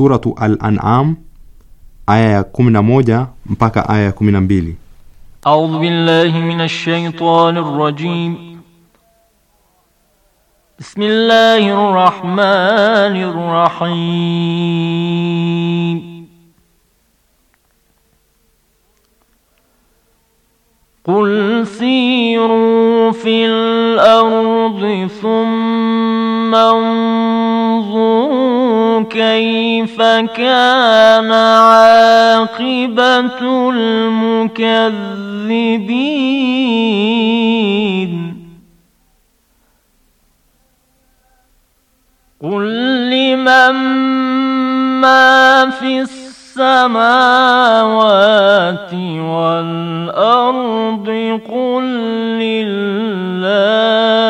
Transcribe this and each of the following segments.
suratu Al-An'am aya ya moja mpaka aya ya 12. A'udhu billahi minash shaitanir rajim. Bismillahir rahmanir rahim. قل siru في الأرض ثم فكيف كان عاقبة المكذبين قل لمن ما في السماوات والأرض قل لله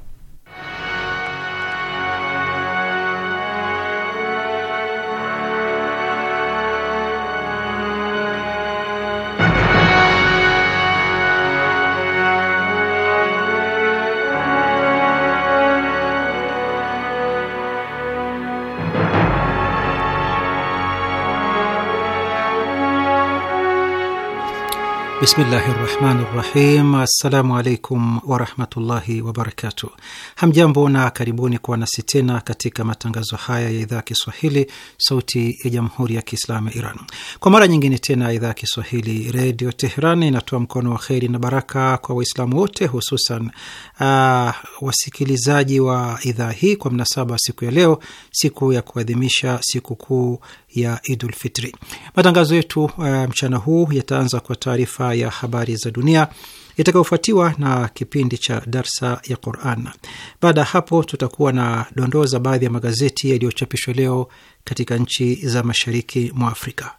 Bismillahi rahmani rahim. Assalamu alaikum warahmatullahi wabarakatu Hamjambo na karibuni kuwa nasi tena katika matangazo haya ya idhaa ya Kiswahili, Sauti ya Jamhuri ya Kiislamu ya Iran. Kwa mara nyingine tena, idhaa ya Kiswahili Redio Teheran inatoa mkono wa kheri na baraka kwa Waislamu wote, hususan uh, wasikilizaji wa idhaa hii kwa mnasaba siku ya leo, siku ya kuadhimisha sikukuu ya Idul Fitri. Matangazo yetu uh, mchana huu yataanza kwa taarifa ya habari za dunia itakayofuatiwa na kipindi cha darsa ya Quran. Baada ya hapo, tutakuwa na dondoo za baadhi ya magazeti yaliyochapishwa leo katika nchi za mashariki mwa Afrika.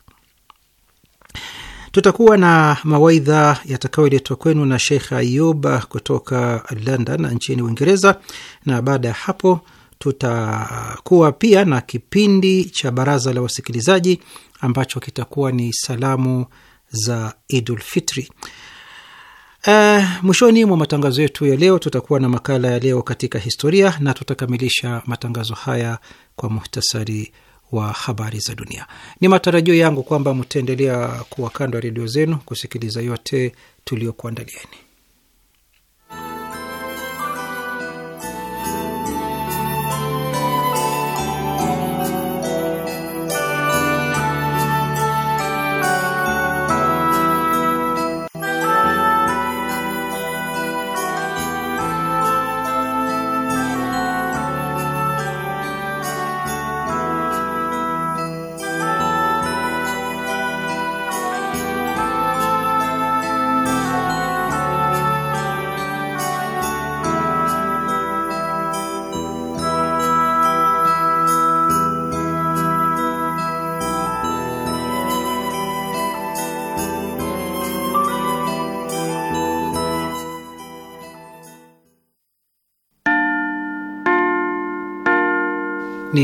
Tutakuwa na mawaidha yatakayoletwa kwenu na Sheikh Ayub kutoka London nchini Uingereza, na baada ya hapo tutakuwa pia na kipindi cha baraza la wasikilizaji ambacho kitakuwa ni salamu za Idul Fitri. Uh, mwishoni mwa matangazo yetu ya leo tutakuwa na makala ya leo katika historia na tutakamilisha matangazo haya kwa muhtasari wa habari za dunia. Ni matarajio yangu kwamba mtaendelea kuwa kando ya redio zenu kusikiliza yote tuliyokuandalieni.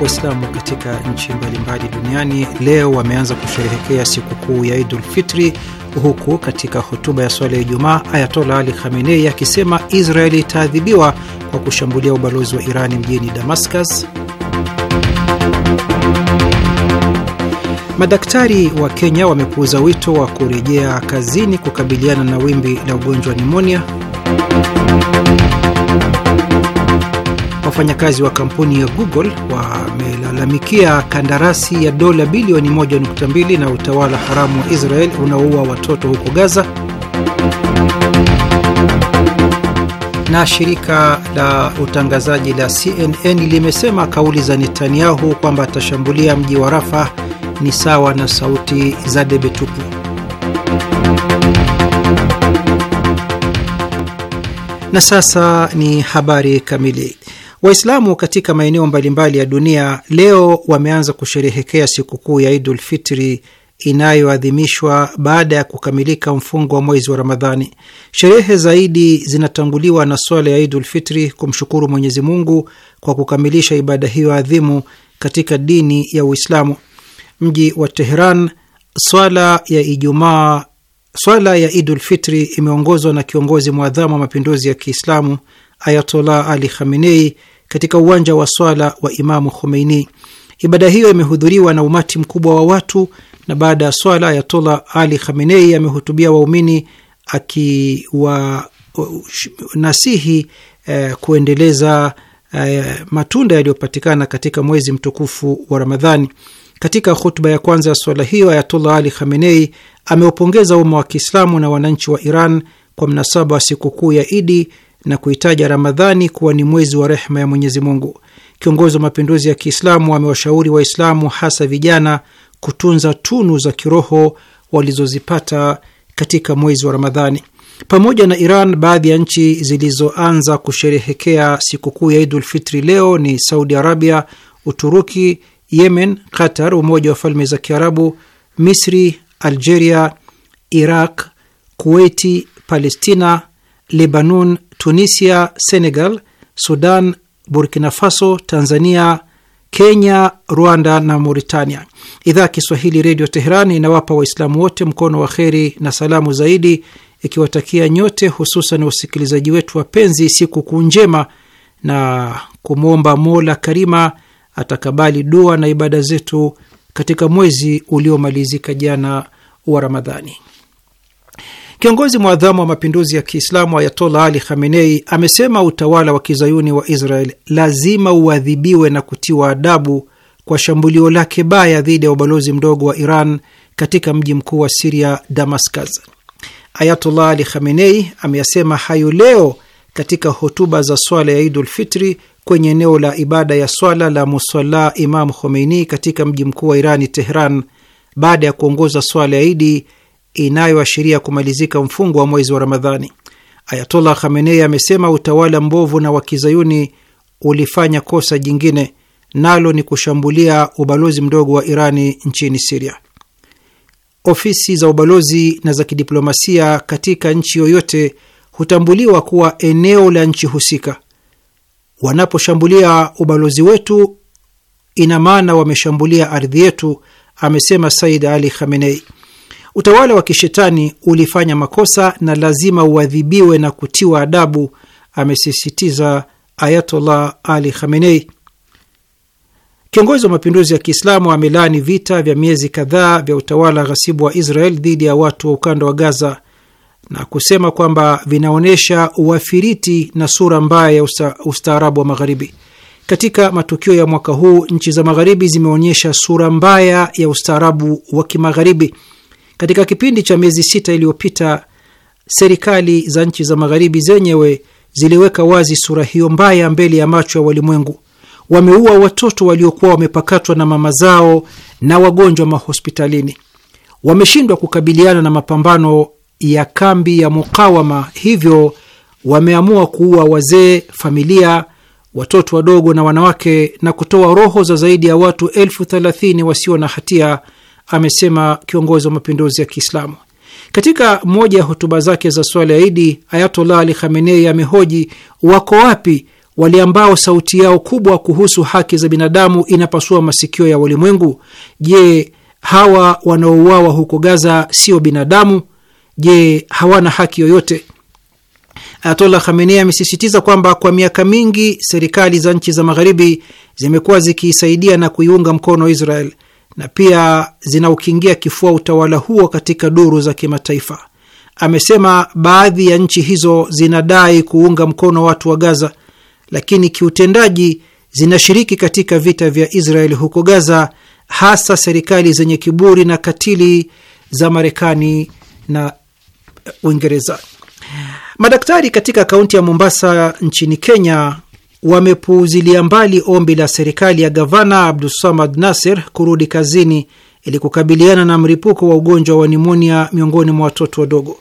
Waislamu katika nchi mbalimbali duniani leo wameanza kusherehekea sikukuu ya Idul Fitri, huku katika hotuba ya swala ya Ijumaa Ayatola Ali Khamenei akisema Israeli itaadhibiwa kwa kushambulia ubalozi wa Irani mjini Damascus. Madaktari wa Kenya wamepuuza wito wa kurejea kazini kukabiliana na wimbi la ugonjwa wa nimonia. Wafanyakazi wa kampuni ya Google wamelalamikia kandarasi ya dola bilioni 1.2 na utawala haramu wa Israel unaoua watoto huko Gaza. Na shirika la utangazaji la CNN limesema kauli za Netanyahu kwamba atashambulia mji wa Rafa ni sawa na sauti za debe tupu. Na sasa ni habari kamili. Waislamu katika maeneo mbalimbali ya dunia leo wameanza kusherehekea sikukuu ya Idul Fitri inayoadhimishwa baada ya kukamilika mfungo wa mwezi wa Ramadhani. Sherehe zaidi zinatanguliwa na swala ya Idul Fitri, kumshukuru Mwenyezi Mungu kwa kukamilisha ibada hiyo adhimu katika dini ya Uislamu. Mji wa Teheran, swala ya Ijumaa, swala ya Idul Fitri imeongozwa na kiongozi mwadhamu wa mapinduzi ya Kiislamu Ayatollah Ali Khamenei katika uwanja wa swala wa Imamu Khomeini. Ibada hiyo imehudhuriwa na umati mkubwa wa watu, na baada ya swala Ayatollah Ali Khamenei amehutubia waumini akiwanasihi eh, kuendeleza eh, matunda yaliyopatikana katika mwezi mtukufu wa Ramadhani. Katika hutuba ya kwanza ya swala hiyo, Ayatollah Ali Khamenei ameupongeza umma wa Kiislamu na wananchi wa Iran kwa mnasaba wa sikukuu ya Idi na kuitaja Ramadhani kuwa ni mwezi wa rehma ya Mwenyezi Mungu. Kiongozi wa mapinduzi ya Kiislamu amewashauri Waislamu hasa vijana kutunza tunu za kiroho walizozipata katika mwezi wa Ramadhani. Pamoja na Iran, baadhi ya nchi zilizoanza kusherehekea sikukuu ya Idul Fitri leo ni Saudi Arabia, Uturuki, Yemen, Qatar, Umoja wa Falme za Kiarabu, Misri, Algeria, Iraq, Kuwaiti, Palestina, Lebanon, Tunisia, Senegal, Sudan, Burkina Faso, Tanzania, Kenya, Rwanda na Mauritania. Idhaa ya Kiswahili Redio Teheran inawapa Waislamu wote mkono wa kheri na salamu zaidi, ikiwatakia nyote, hususan wasikilizaji wetu wapenzi, siku kuu njema na kumwomba Mola Karima atakabali dua na ibada zetu katika mwezi uliomalizika jana wa Ramadhani. Kiongozi mwadhamu wa mapinduzi ya Kiislamu ayatollah Ali Khamenei amesema utawala wa kizayuni wa Israel lazima uadhibiwe na kutiwa adabu kwa shambulio lake baya dhidi ya ubalozi mdogo wa Iran katika mji mkuu wa Siria, Damascus. Ayatollah Ali Khamenei ameyasema hayo leo katika hotuba za swala ya Idul Fitri kwenye eneo la ibada ya swala la musala Imam Khomeini katika mji mkuu wa Irani, teheran baada ya kuongoza swala ya Idi inayoashiria kumalizika mfungo wa mwezi wa Ramadhani. Ayatollah Khamenei amesema utawala mbovu na wakizayuni ulifanya kosa jingine, nalo ni kushambulia ubalozi mdogo wa Irani nchini Siria. Ofisi za ubalozi na za kidiplomasia katika nchi yoyote hutambuliwa kuwa eneo la nchi husika. Wanaposhambulia ubalozi wetu, ina maana wameshambulia ardhi yetu, amesema Said Ali Khamenei. Utawala wa kishetani ulifanya makosa na lazima uadhibiwe na kutiwa adabu, amesisitiza Ayatollah Ali Khamenei. Kiongozi wa mapinduzi ya Kiislamu amelaani vita vya miezi kadhaa vya utawala ghasibu wa Israel dhidi ya watu wa ukanda wa Gaza na kusema kwamba vinaonyesha uafiriti na sura mbaya ya usta, ustaarabu wa Magharibi. Katika matukio ya mwaka huu, nchi za Magharibi zimeonyesha sura mbaya ya ustaarabu wa Kimagharibi katika kipindi cha miezi sita iliyopita, serikali za nchi za magharibi zenyewe ziliweka wazi sura hiyo mbaya mbele ya macho ya walimwengu. Wameua watoto waliokuwa wamepakatwa na mama zao na wagonjwa mahospitalini. Wameshindwa kukabiliana na mapambano ya kambi ya mukawama, hivyo wameamua kuua wazee, familia, watoto wadogo na wanawake na kutoa roho za zaidi ya watu elfu thelathini wasio na hatia amesema kiongozi wa mapinduzi ya Kiislamu. Katika moja ya hotuba zake za swala ya Idi, Ayatollah Ali Khamenei amehoji wako wapi wale ambao sauti yao kubwa kuhusu haki za binadamu inapasua masikio ya walimwengu? Je, hawa wanaouawa huko Gaza sio binadamu? Je, hawana haki yoyote? Ayatollah Khamenei amesisitiza kwamba kwa miaka mingi serikali za nchi za magharibi zimekuwa zikiisaidia na kuiunga mkono Israel na pia zinaukingia kifua utawala huo katika duru za kimataifa. Amesema baadhi ya nchi hizo zinadai kuunga mkono watu wa Gaza, lakini kiutendaji zinashiriki katika vita vya Israeli huko Gaza, hasa serikali zenye kiburi na katili za Marekani na Uingereza. Madaktari katika kaunti ya Mombasa nchini Kenya wamepuuzilia mbali ombi la serikali ya gavana Abdusamad Nasir kurudi kazini ili kukabiliana na mlipuko wa ugonjwa wa nimonia miongoni mwa watoto wadogo.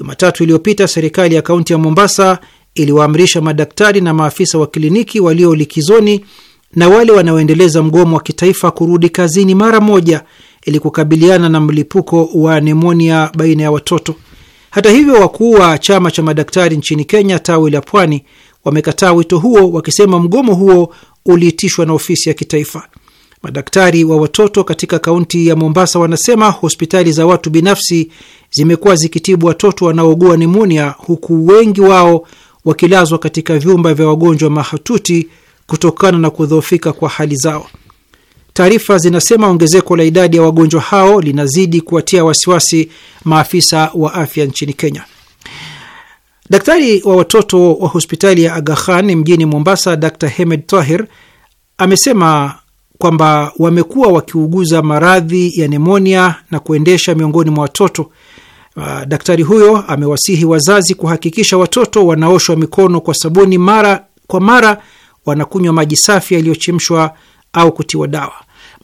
Jumatatu iliyopita serikali ya kaunti ya Mombasa iliwaamrisha madaktari na maafisa wa kliniki walio likizoni na wale wanaoendeleza mgomo wa kitaifa kurudi kazini mara moja ili kukabiliana na mlipuko wa nimonia baina ya watoto. Hata hivyo, wakuu wa chama cha madaktari nchini Kenya tawi la Pwani wamekataa wito huo wakisema mgomo huo uliitishwa na ofisi ya kitaifa. Madaktari wa watoto katika kaunti ya Mombasa wanasema hospitali za watu binafsi zimekuwa zikitibu watoto wanaougua nimonia, huku wengi wao wakilazwa katika vyumba vya wagonjwa mahututi kutokana na kudhoofika kwa hali zao. Taarifa zinasema ongezeko la idadi ya wagonjwa hao linazidi kuwatia wasiwasi maafisa wa afya nchini Kenya. Daktari wa watoto wa hospitali ya Aga Khan mjini Mombasa, Dr Hemed Tahir amesema kwamba wamekuwa wakiuguza maradhi ya nemonia na kuendesha miongoni mwa watoto. Uh, daktari huyo amewasihi wazazi kuhakikisha watoto wanaoshwa mikono kwa sabuni mara kwa mara, wanakunywa maji safi yaliyochemshwa au kutiwa dawa.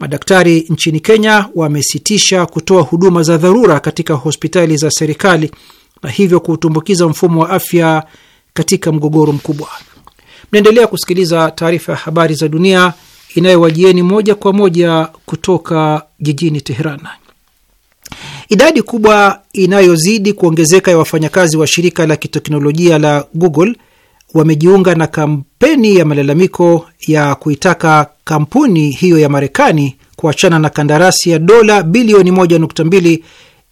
Madaktari nchini Kenya wamesitisha kutoa huduma za dharura katika hospitali za serikali na hivyo kuutumbukiza mfumo wa afya katika mgogoro mkubwa. Mnaendelea kusikiliza taarifa ya habari za dunia inayowajieni moja kwa moja kutoka jijini Teheran. Idadi kubwa inayozidi kuongezeka ya wafanyakazi wa shirika la kiteknolojia la Google wamejiunga na kampeni ya malalamiko ya kuitaka kampuni hiyo ya Marekani kuachana na kandarasi ya dola bilioni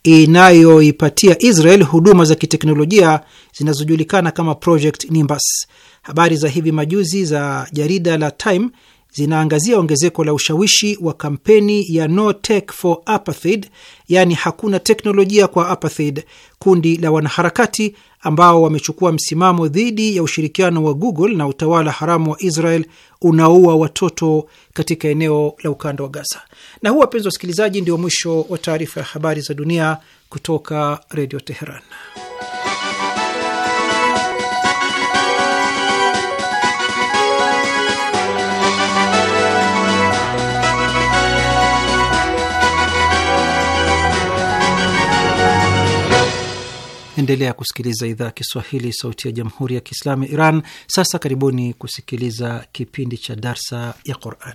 inayoipatia Israel huduma za kiteknolojia zinazojulikana kama Project Nimbus. Habari za hivi majuzi za jarida la Time zinaangazia ongezeko la ushawishi wa kampeni ya No Tech for Apartheid, yaani hakuna teknolojia kwa apartheid, kundi la wanaharakati ambao wamechukua msimamo dhidi ya ushirikiano wa Google na utawala haramu wa Israel unaua watoto katika eneo la ukanda wa Gaza. Na huu, wapenzi wasikilizaji, ndio mwisho wa taarifa ya habari za dunia kutoka Redio Teheran. Endelea kusikiliza idhaa Kiswahili, sauti ya jamhuri ya kiislamu ya Iran. Sasa karibuni kusikiliza kipindi cha darsa ya Quran.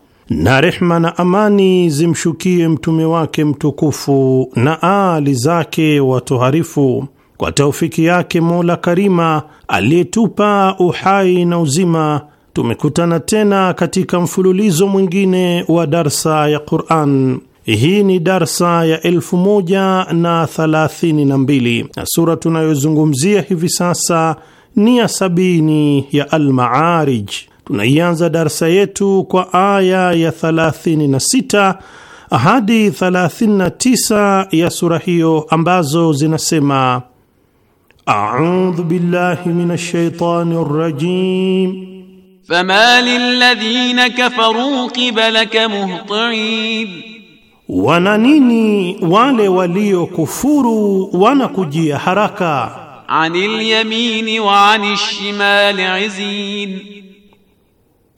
na rehma na amani zimshukie mtume wake mtukufu na aali zake watoharifu. Kwa taufiki yake Mola Karima aliyetupa uhai na uzima, tumekutana tena katika mfululizo mwingine wa darsa ya Quran. Hii ni darsa ya elfu moja na thalathini na mbili na sura tunayozungumzia hivi sasa ni ya sabini ya Almaarij. Tunaianza darsa yetu kwa aya ya 36 hadi 39 ya sura hiyo ambazo zinasema: audhu billahi minash shaitani rajim fama lilladhina kafaru qibalaka muhtain, wana nini wale waliokufuru wanakujia haraka. Anil yamini wa anish shimali izin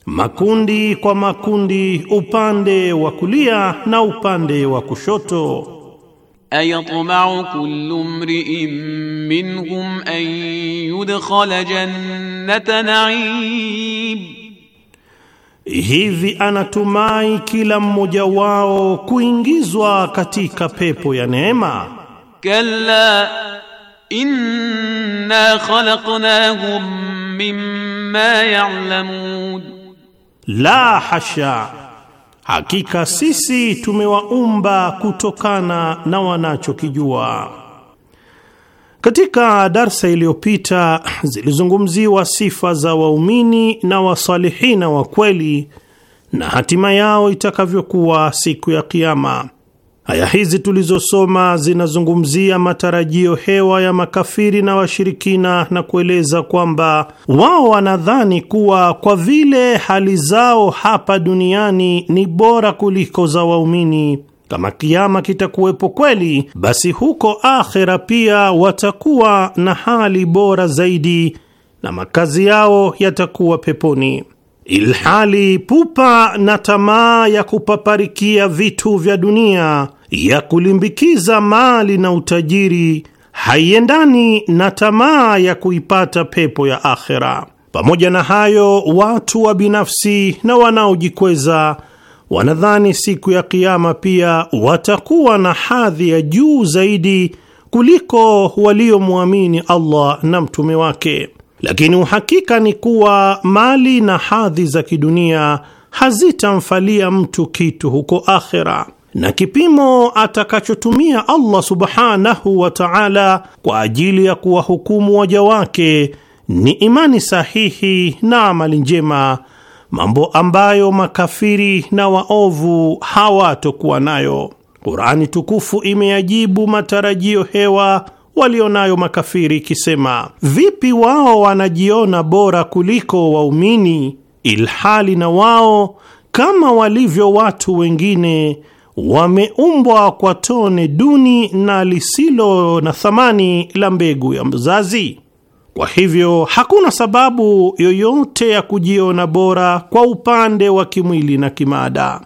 makundi kwa makundi, upande wa kulia na upande wa kushoto. Ayatma'u kullu mri'in minhum an yudkhala jannata na'im, hivi anatumai kila mmoja wao kuingizwa katika pepo ya neema. Kalla inna khalaqnahum mimma ya'lamun la hasha, hakika sisi tumewaumba kutokana na wanachokijua. Katika darsa iliyopita zilizungumziwa sifa za waumini na wasalihina wa kweli na hatima yao itakavyokuwa siku ya kiama Aya hizi tulizosoma zinazungumzia matarajio hewa ya makafiri na washirikina na kueleza kwamba wao wanadhani kuwa kwa vile hali zao hapa duniani ni bora kuliko za waumini, kama kiama kitakuwepo kweli, basi huko akhera pia watakuwa na hali bora zaidi na makazi yao yatakuwa peponi. Ilhali pupa na tamaa ya kupaparikia vitu vya dunia ya kulimbikiza mali na utajiri haiendani na tamaa ya kuipata pepo ya akhera. Pamoja na hayo, watu wa binafsi na wanaojikweza wanadhani siku ya Kiama pia watakuwa na hadhi ya juu zaidi kuliko waliomwamini Allah na mtume wake, lakini uhakika ni kuwa mali na hadhi za kidunia hazitamfalia mtu kitu huko akhera na kipimo atakachotumia Allah subhanahu wa ta'ala kwa ajili ya kuwahukumu waja wake ni imani sahihi na amali njema, mambo ambayo makafiri na waovu hawatokuwa nayo. Qur'ani tukufu imeyajibu matarajio hewa walionayo makafiri ikisema, vipi wao wanajiona bora kuliko waumini, ilhali na wao kama walivyo watu wengine wameumbwa kwa tone duni na lisilo na thamani la mbegu ya mzazi. Kwa hivyo hakuna sababu yoyote ya kujiona bora kwa upande wa kimwili na kimada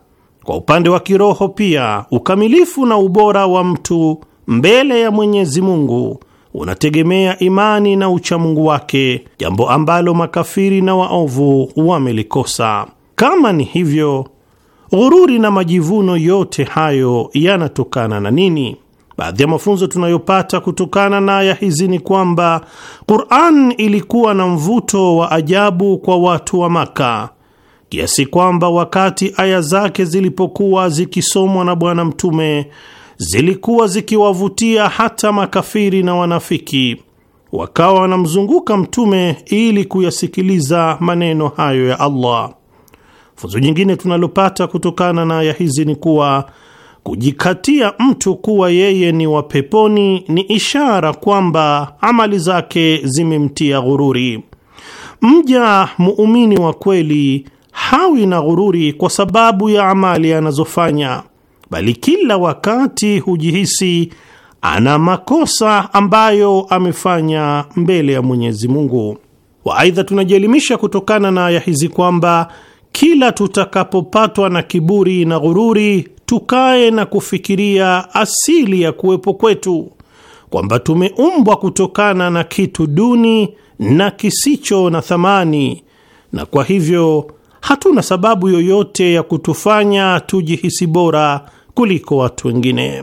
Kwa upande wa kiroho pia, ukamilifu na ubora wa mtu mbele ya Mwenyezi Mungu unategemea imani na uchamungu wake, jambo ambalo makafiri na waovu wamelikosa. Kama ni hivyo Ghururi na majivuno yote hayo yanatokana na nini? Baadhi ya mafunzo tunayopata kutokana na aya hizi ni kwamba Qur'an ilikuwa na mvuto wa ajabu kwa watu wa Maka kiasi kwamba wakati aya zake zilipokuwa zikisomwa na Bwana Mtume zilikuwa zikiwavutia hata makafiri na wanafiki, wakawa wanamzunguka Mtume ili kuyasikiliza maneno hayo ya Allah. Funzo jingine tunalopata kutokana na aya hizi ni kuwa kujikatia mtu kuwa yeye ni wa peponi ni ishara kwamba amali zake zimemtia ghururi. Mja muumini wa kweli hawi na ghururi kwa sababu ya amali anazofanya, bali kila wakati hujihisi ana makosa ambayo amefanya mbele ya Mwenyezi Mungu. Waaidha, tunajielimisha kutokana na aya hizi kwamba kila tutakapopatwa na kiburi na ghururi, tukae na kufikiria asili ya kuwepo kwetu, kwamba tumeumbwa kutokana na kitu duni na kisicho na thamani, na kwa hivyo hatuna sababu yoyote ya kutufanya tujihisi bora kuliko watu wengine.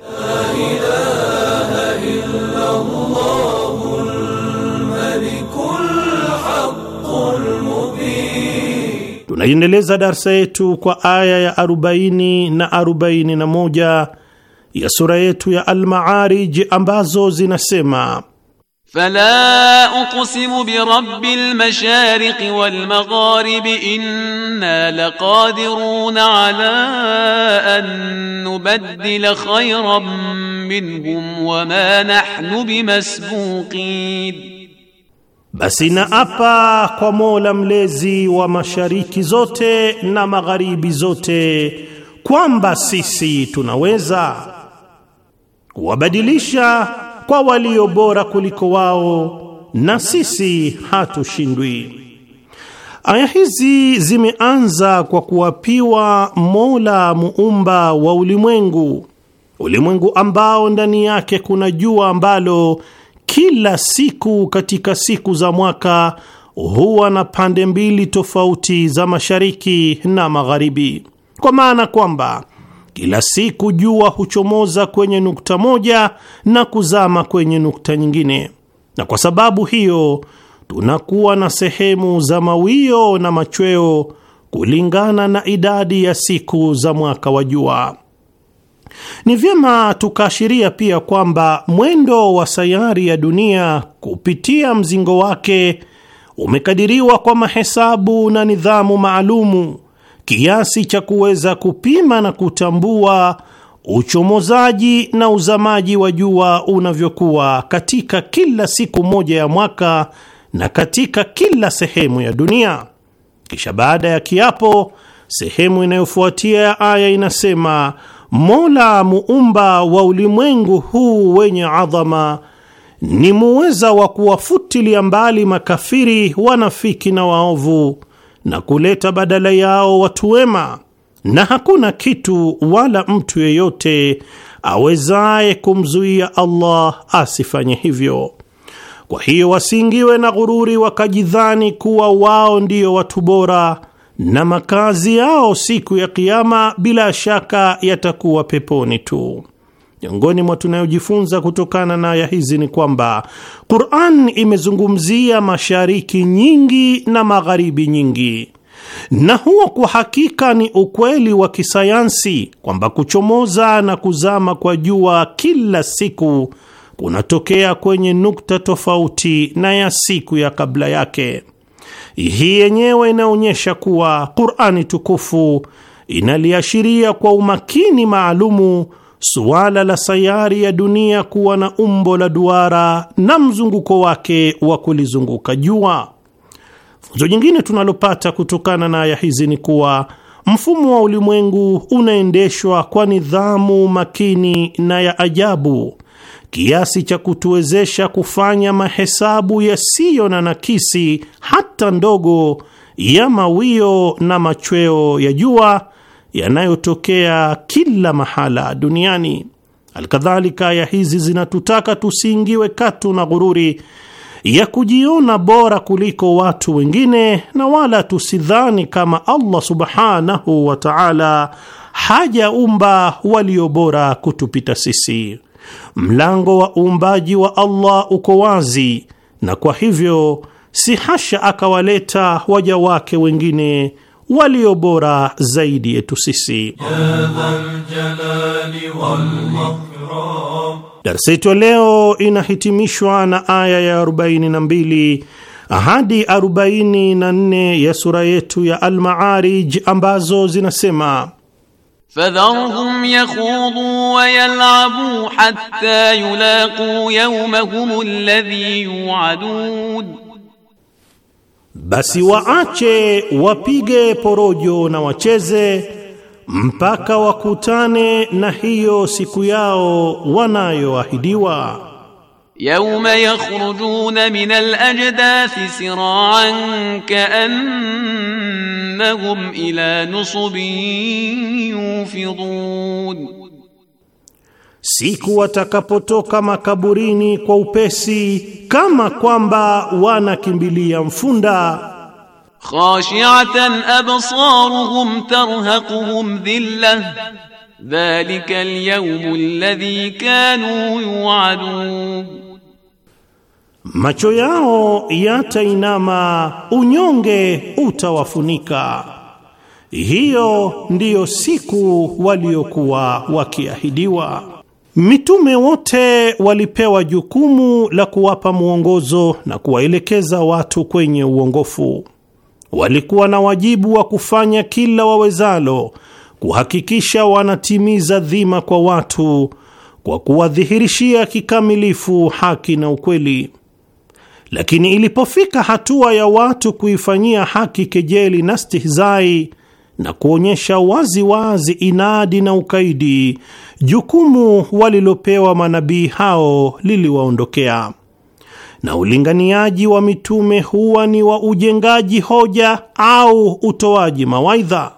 tunaiendeleza darsa yetu kwa aya ya 40 na 41 ya sura yetu ya Al-Ma'arij ambazo zinasema Fala uqsimu bi rabbil mashariq wal magharibi inna laqadirun ala an nubaddila khayran minhum wama nahnu bimasbuqin Basi naapa kwa Mola mlezi wa mashariki zote na magharibi zote kwamba sisi tunaweza kuwabadilisha kwa walio bora kuliko wao na sisi hatushindwi. Aya hizi zimeanza kwa kuapiwa Mola muumba wa ulimwengu, ulimwengu ambao ndani yake kuna jua ambalo kila siku katika siku za mwaka huwa na pande mbili tofauti za mashariki na magharibi, kwa maana kwamba kila siku jua huchomoza kwenye nukta moja na kuzama kwenye nukta nyingine, na kwa sababu hiyo tunakuwa na sehemu za mawio na machweo kulingana na idadi ya siku za mwaka wa jua. Ni vyema tukaashiria pia kwamba mwendo wa sayari ya dunia kupitia mzingo wake umekadiriwa kwa mahesabu na nidhamu maalumu kiasi cha kuweza kupima na kutambua uchomozaji na uzamaji wa jua unavyokuwa katika kila siku moja ya mwaka na katika kila sehemu ya dunia. Kisha baada ya kiapo, sehemu inayofuatia ya aya inasema Mola muumba wa ulimwengu huu wenye adhama ni muweza wa kuwafutilia mbali makafiri, wanafiki na waovu na kuleta badala yao watu wema, na hakuna kitu wala mtu yeyote awezaye kumzuia Allah asifanye hivyo. Kwa hiyo wasiingiwe na ghururi wakajidhani kuwa wao ndiyo watu bora na makazi yao siku ya Kiama bila shaka yatakuwa peponi tu. Miongoni mwa tunayojifunza kutokana na aya hizi ni kwamba Qur'an imezungumzia mashariki nyingi na magharibi nyingi, na huo kwa hakika ni ukweli wa kisayansi kwamba kuchomoza na kuzama kwa jua kila siku kunatokea kwenye nukta tofauti na ya siku ya kabla yake. Hii yenyewe inaonyesha kuwa Qur'ani tukufu inaliashiria kwa umakini maalumu suala la sayari ya dunia kuwa na umbo la duara na mzunguko wake wa kulizunguka jua. Funzo jingine tunalopata kutokana na aya hizi ni kuwa mfumo wa ulimwengu unaendeshwa kwa nidhamu makini na ya ajabu kiasi cha kutuwezesha kufanya mahesabu yasiyo na nakisi hata ndogo ya mawio na machweo ya jua yanayotokea kila mahala duniani. Alkadhalika, aya hizi zinatutaka tusiingiwe katu na ghururi ya kujiona bora kuliko watu wengine, na wala tusidhani kama Allah subhanahu wa ta'ala hajaumba walio bora kutupita sisi. Mlango wa uumbaji wa Allah uko wazi, na kwa hivyo si hasha akawaleta waja wake wengine walio bora zaidi yetu sisi. Darsa yetu leo inahitimishwa na aya ya 42 hadi 44 ya sura yetu ya Al-Ma'arij ambazo zinasema فذرهم يخوضوا ويلعبوا حتى يلاقوا يومهم الذي يوعدون, basi waache wapige porojo na wacheze mpaka wakutane na hiyo siku yao wanayoahidiwa. يوم يخرجون من الأجداث سراعا كأنهم إلى نصب يوفضون siku watakapotoka makaburini kwa upesi kama kwamba wanakimbilia mfunda. khashi'atan absaruhum tarhaquhum dhillah dhalika al-yawm alladhi kanu yu'adun macho yao yatainama, unyonge utawafunika. Hiyo ndiyo siku waliokuwa wakiahidiwa. Mitume wote walipewa jukumu la kuwapa mwongozo na kuwaelekeza watu kwenye uongofu. Walikuwa na wajibu wa kufanya kila wawezalo kuhakikisha wanatimiza dhima kwa watu kwa kuwadhihirishia kikamilifu haki na ukweli. Lakini ilipofika hatua ya watu kuifanyia haki kejeli na stihzai na kuonyesha wazi wazi inadi na ukaidi, jukumu walilopewa manabii hao liliwaondokea, na ulinganiaji wa mitume huwa ni wa ujengaji hoja au utoaji mawaidha,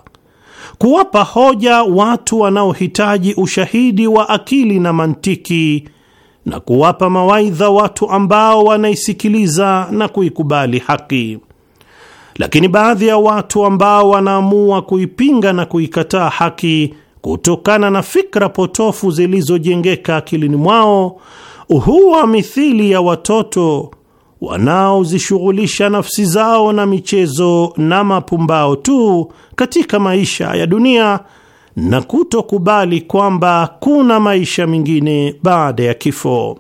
kuwapa hoja watu wanaohitaji ushahidi wa akili na mantiki na kuwapa mawaidha watu ambao wanaisikiliza na kuikubali haki. Lakini baadhi ya watu ambao wanaamua kuipinga na kuikataa haki kutokana na fikra potofu zilizojengeka akilini mwao huwa mithili ya watoto wanaozishughulisha nafsi zao na michezo na mapumbao tu katika maisha ya dunia na kutokubali kwamba kuna maisha mengine baada ya kifo.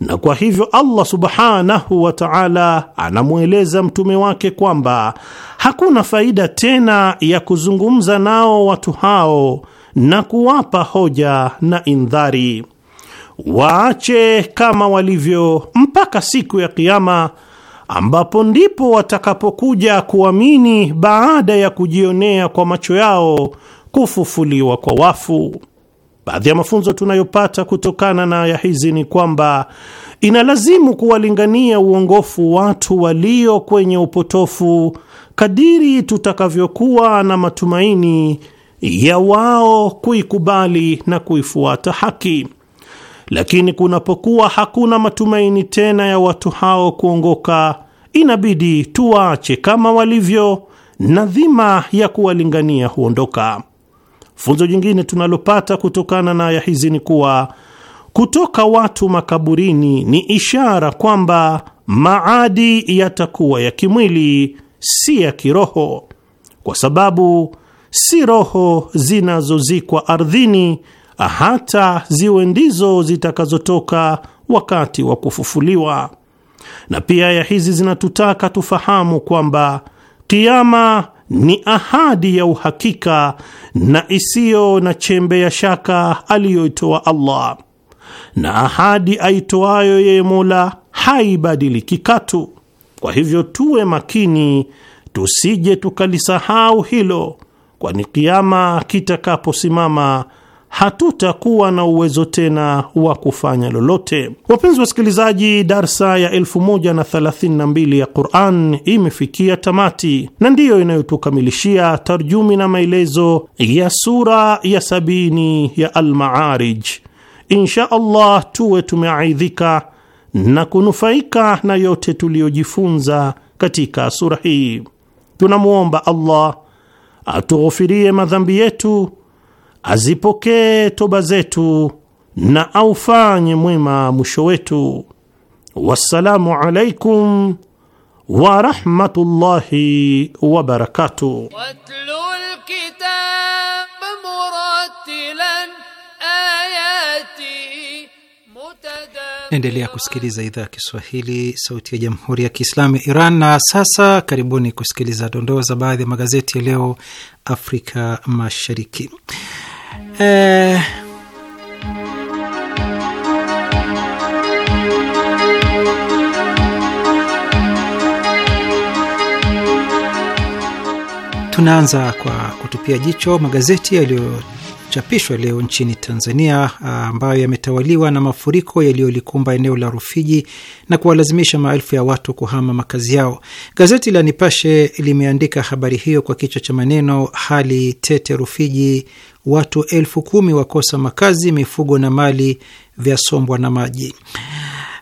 Na kwa hivyo Allah subhanahu wa ta'ala anamweleza mtume wake kwamba hakuna faida tena ya kuzungumza nao watu hao na kuwapa hoja na indhari, waache kama walivyo mpaka siku ya Kiyama, ambapo ndipo watakapokuja kuamini baada ya kujionea kwa macho yao kufufuliwa kwa wafu. Baadhi ya mafunzo tunayopata kutokana na aya hizi ni kwamba inalazimu kuwalingania uongofu watu walio kwenye upotofu kadiri tutakavyokuwa na matumaini ya wao kuikubali na kuifuata haki. Lakini kunapokuwa hakuna matumaini tena ya watu hao kuongoka, inabidi tuwaache kama walivyo na dhima ya kuwalingania huondoka. Funzo jingine tunalopata kutokana na aya hizi ni kuwa kutoka watu makaburini ni ishara kwamba maadi yatakuwa ya kimwili, si ya kiroho, kwa sababu si roho zinazozikwa ardhini hata ziwe ndizo zitakazotoka wakati wa kufufuliwa. Na pia aya hizi zinatutaka tufahamu kwamba kiama ni ahadi ya uhakika na isiyo na chembe ya shaka aliyoitoa Allah, na ahadi aitoayo yeye Mola haibadiliki katu. Kwa hivyo tuwe makini, tusije tukalisahau hilo, kwani kiama kitakaposimama hatutakuwa na uwezo tena wa kufanya lolote. Wapenzi wasikilizaji, darsa ya 1032 ya Quran imefikia tamati na ndiyo inayotukamilishia tarjumi na maelezo ya sura ya sabini ya almaarij Insha Allah tuwe tumeaidhika na kunufaika na yote tuliyojifunza katika sura hii. Tunamwomba Allah atughufirie madhambi yetu azipokee toba zetu na aufanye mwema mwisho wetu. Wassalamu alaikum wa rahmatullahi wa barakatuh. Endelea kusikiliza idhaa ya Kiswahili, sauti ya jamhuri ya kiislamu ya Iran. Na sasa karibuni kusikiliza dondoo za baadhi ya magazeti ya leo Afrika Mashariki. Eh, tunaanza kwa kutupia jicho magazeti yaliyochapishwa leo nchini Tanzania, ah, ambayo yametawaliwa na mafuriko yaliyolikumba eneo la Rufiji na kuwalazimisha maelfu ya watu kuhama makazi yao. Gazeti la Nipashe limeandika habari hiyo kwa kichwa cha maneno, hali tete Rufiji watu elfu kumi wakosa makazi, mifugo na mali vyasombwa na maji.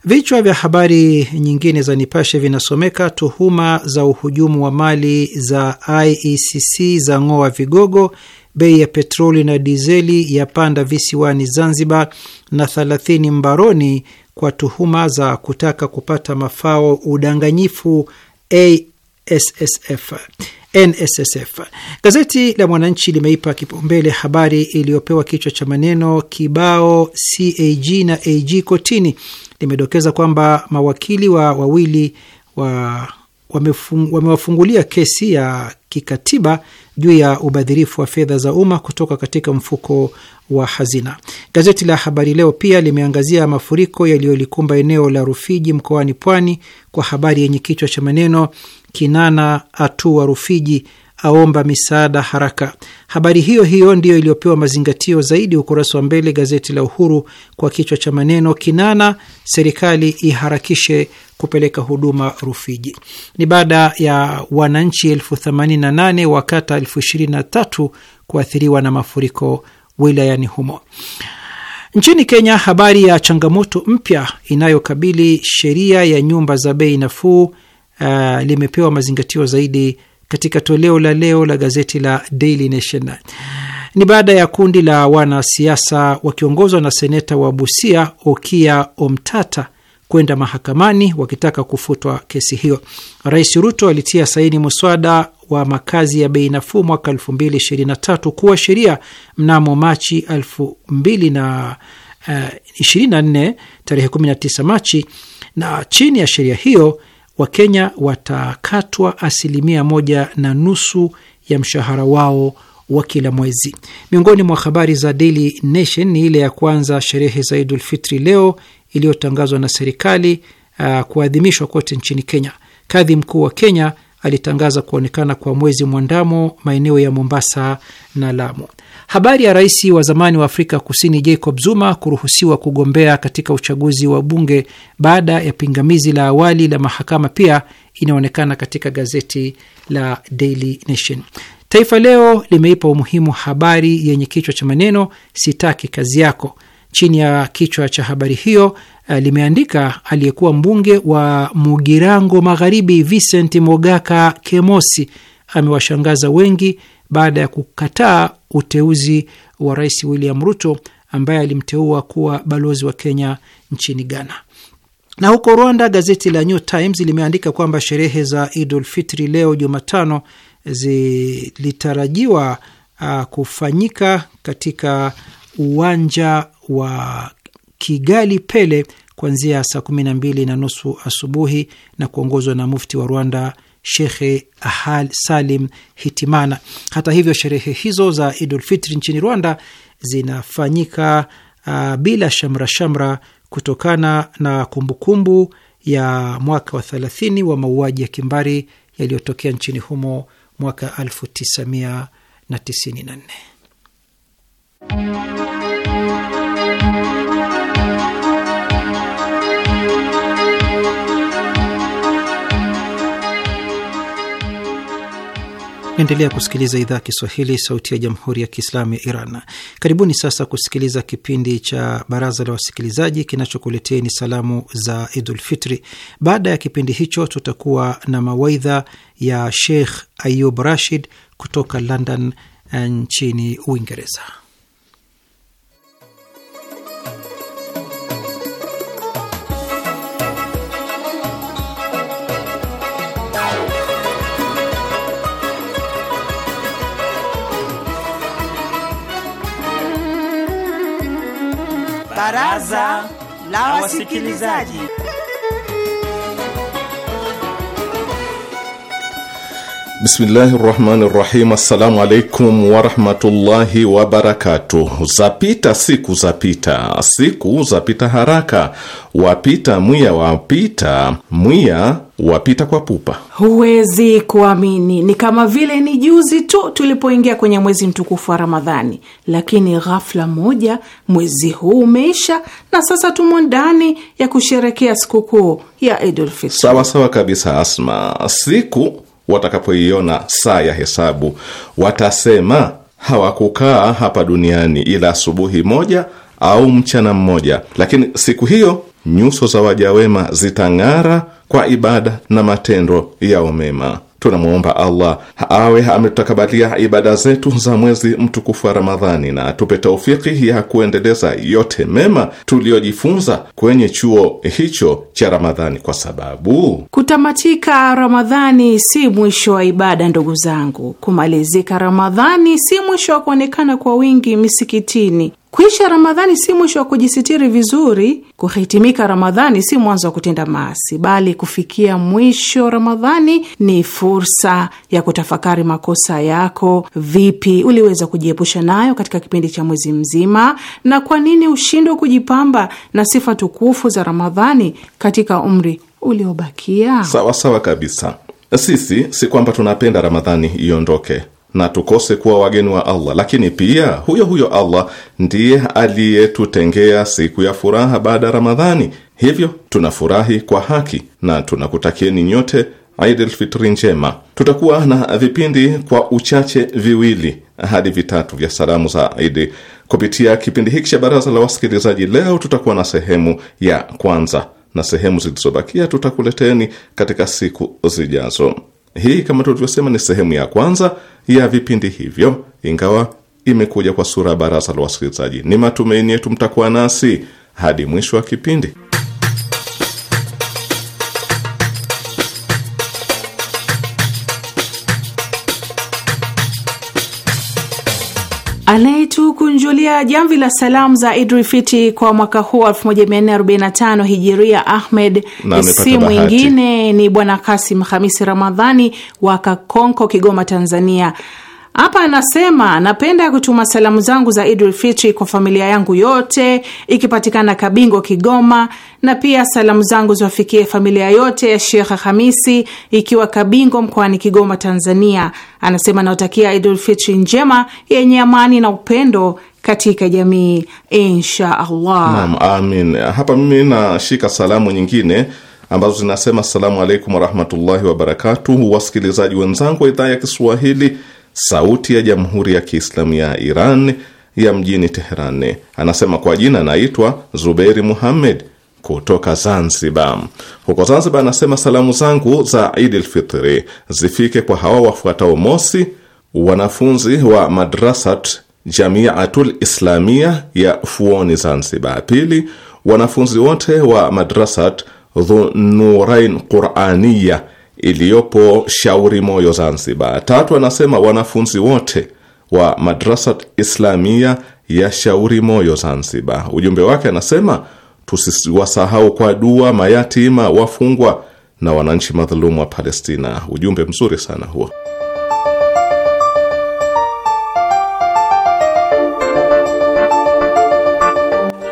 Vichwa vya habari nyingine za Nipashe vinasomeka: tuhuma za uhujumu wa mali za IECC za ng'oa vigogo, bei ya petroli na dizeli yapanda visiwani Zanzibar, na thelathini mbaroni kwa tuhuma za kutaka kupata mafao udanganyifu ASSF. NSSF. Gazeti la Mwananchi limeipa kipaumbele habari iliyopewa kichwa cha maneno kibao CAG na AG kotini. Limedokeza kwamba mawakili wa wawili wa wamewafungulia kesi ya kikatiba juu ya ubadhirifu wa fedha za umma kutoka katika mfuko wa hazina. Gazeti la Habari Leo pia limeangazia mafuriko yaliyolikumba eneo la Rufiji mkoani Pwani kwa habari yenye kichwa cha maneno Kinana atua Rufiji, aomba misaada haraka. Habari hiyo hiyo ndiyo iliyopewa mazingatio zaidi ukurasa wa mbele gazeti la Uhuru kwa kichwa cha maneno Kinana, serikali iharakishe kupeleka huduma Rufiji. Ni baada ya wananchi elfu themanini na nane wa kata elfu ishirini na tatu kuathiriwa na mafuriko wilayani humo. Nchini Kenya, habari ya changamoto mpya inayokabili sheria ya nyumba za bei nafuu uh, limepewa mazingatio zaidi katika toleo la leo la gazeti la Daily Nation. Ni baada ya kundi la wanasiasa wakiongozwa na seneta wa Busia Okia Omtata kwenda mahakamani wakitaka kufutwa kesi hiyo. Rais Ruto alitia saini muswada wa makazi ya bei nafuu mwaka 2023 kuwa sheria mnamo Machi 2024 uh, tarehe 19 Machi, na chini ya sheria hiyo Wakenya watakatwa asilimia moja na nusu ya mshahara wao wa kila mwezi. Miongoni mwa habari za Daily Nation ni ile ya kwanza, sherehe za Idul Fitri leo iliyotangazwa na serikali uh, kuadhimishwa kote nchini Kenya. Kadhi mkuu wa Kenya alitangaza kuonekana kwa mwezi mwandamo maeneo ya Mombasa na Lamu. Habari ya rais wa zamani wa Afrika Kusini Jacob Zuma kuruhusiwa kugombea katika uchaguzi wa bunge baada ya pingamizi la awali la mahakama pia inaonekana katika gazeti la Daily Nation. Taifa Leo limeipa umuhimu habari yenye kichwa cha maneno sitaki kazi yako, Chini ya kichwa cha habari hiyo eh, limeandika aliyekuwa mbunge wa Mugirango Magharibi Vincent Mogaka Kemosi amewashangaza wengi baada ya kukataa uteuzi wa Rais William Ruto ambaye alimteua kuwa balozi wa Kenya nchini Ghana. Na huko Rwanda, gazeti la New Times limeandika kwamba sherehe za Idul Fitri leo Jumatano zilitarajiwa uh, kufanyika katika uwanja wa Kigali Pele kuanzia saa kumi na mbili na nusu asubuhi na kuongozwa na mufti wa Rwanda Shekhe Ahal Salim Hitimana. Hata hivyo, sherehe hizo za Idul Fitri nchini Rwanda zinafanyika uh, bila shamra shamra kutokana na kumbukumbu kumbu ya mwaka wa 30 wa mauaji ya kimbari yaliyotokea nchini humo mwaka 1994. Naendelea kusikiliza idhaa Kiswahili sauti ya jamhuri ya kiislamu ya Iran. Karibuni sasa kusikiliza kipindi cha baraza la wasikilizaji kinachokuleteni salamu za Idulfitri. Baada ya kipindi hicho, tutakuwa na mawaidha ya Sheikh Ayub Rashid kutoka London eh, nchini Uingereza. Baraza la Wasikilizaji. Bismillahi rahmani rahim. Assalamu alaikum warahmatullahi wabarakatuh. Zapita siku zapita, siku zapita haraka, wapita mwiya wapita mwiya wapita kwa pupa. Huwezi kuamini, ni kama vile ni juzi tu tulipoingia kwenye mwezi mtukufu wa Ramadhani, lakini ghafla moja mwezi huu umeisha na sasa tumo ndani ya kusherekea sikukuu ya Idul Fitri. Sawa sawa kabisa, Asma. Siku watakapoiona saa ya hesabu watasema hawakukaa hapa duniani ila asubuhi moja au mchana mmoja, lakini siku hiyo nyuso za waja wema zitang'ara kwa ibada na matendo yao mema. Tunamwomba Allah awe ametutakabalia ibada zetu za mwezi mtukufu wa Ramadhani na atupe taufiki ya kuendeleza yote mema tuliyojifunza kwenye chuo hicho cha Ramadhani, kwa sababu kutamatika Ramadhani si mwisho wa ibada. Ndugu zangu, kumalizika Ramadhani si mwisho wa kuonekana kwa wingi misikitini Kuisha Ramadhani si mwisho wa kujisitiri vizuri. Kuhitimika Ramadhani si mwanzo wa kutenda maasi, bali kufikia mwisho Ramadhani ni fursa ya kutafakari makosa yako. Vipi uliweza kujiepusha nayo katika kipindi cha mwezi mzima, na kwa nini ushindwe kujipamba na sifa tukufu za Ramadhani katika umri uliobakia? Sawasawa kabisa. Sisi si kwamba tunapenda Ramadhani iondoke na tukose kuwa wageni wa Allah. Lakini pia huyo huyo Allah ndiye aliyetutengea siku ya furaha baada ya Ramadhani, hivyo tunafurahi kwa haki na tunakutakieni nyote Idul Fitri njema. Tutakuwa na vipindi kwa uchache viwili hadi vitatu vya salamu za Idi kupitia kipindi hiki cha baraza la wasikilizaji. Leo tutakuwa na sehemu ya kwanza na sehemu zilizobakia tutakuleteni katika siku zijazo. Hii kama tulivyosema, ni sehemu ya kwanza ya vipindi hivyo, ingawa imekuja kwa sura ya baraza la wasikilizaji. Ni matumaini yetu mtakuwa nasi hadi mwisho wa kipindi. Anayetukunjulia jamvi la salamu za Idrifiti kwa mwaka huu 1445 hijiria, Ahmed, si mwingine ni Bwana Kasim Hamisi Ramadhani wa Kakonko, Kigoma, Tanzania hapa anasema napenda kutuma salamu zangu za Idul Fitri kwa familia yangu yote ikipatikana Kabingo, Kigoma, na pia salamu zangu ziwafikie familia yote ya shekh Hamisi ikiwa Kabingo mkoani Kigoma, Tanzania. Anasema anaotakia Idul Fitri njema yenye amani na upendo katika jamii insha Allah. Naam, amin. Hapa mimi nashika salamu nyingine ambazo zinasema assalamu alaikum warahmatullahi wabarakatuh, wasikilizaji wenzangu wa idhaa ya Kiswahili Sauti ya Jamhuri ya Kiislamu ya Iran ya mjini Teheran. Anasema kwa jina naitwa Zuberi Muhammed kutoka Zanzibar. Huko Zanzibar anasema salamu zangu za idi lfitri zifike kwa hawa wafuatao: mosi, wanafunzi wa Madrasat Jamiatul Islamia ya Fuoni Zanzibar; pili, wanafunzi wote wa Madrasat Dhunurain Quraniya iliyopo Shauri Moyo, Zanzibar. Tatu, anasema wanafunzi wote wa Madrasa Islamia ya Shauri Moyo, Zanzibar. Ujumbe wake anasema tusiwasahau kwa dua mayatima, wafungwa na wananchi madhulumu wa Palestina. Ujumbe mzuri sana huo.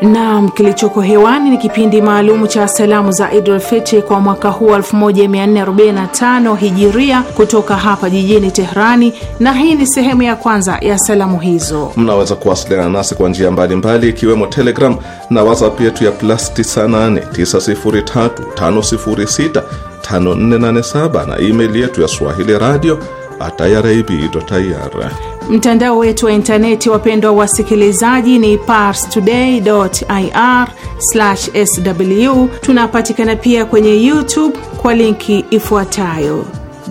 Naam, kilichoko hewani ni kipindi maalumu cha salamu za Idul Fitri kwa mwaka huu 1445 Hijiria kutoka hapa jijini Teherani, na hii ni sehemu ya kwanza ya salamu hizo. Mnaweza kuwasiliana nasi kwa njia mbalimbali, ikiwemo Telegram na WhatsApp yetu ya plus 989035065487 na email yetu ya swahili radio irib.ir. Mtandao wetu wa intaneti, wapendwa wasikilizaji, ni parstoday.ir/sw. Tunapatikana pia kwenye YouTube kwa linki ifuatayo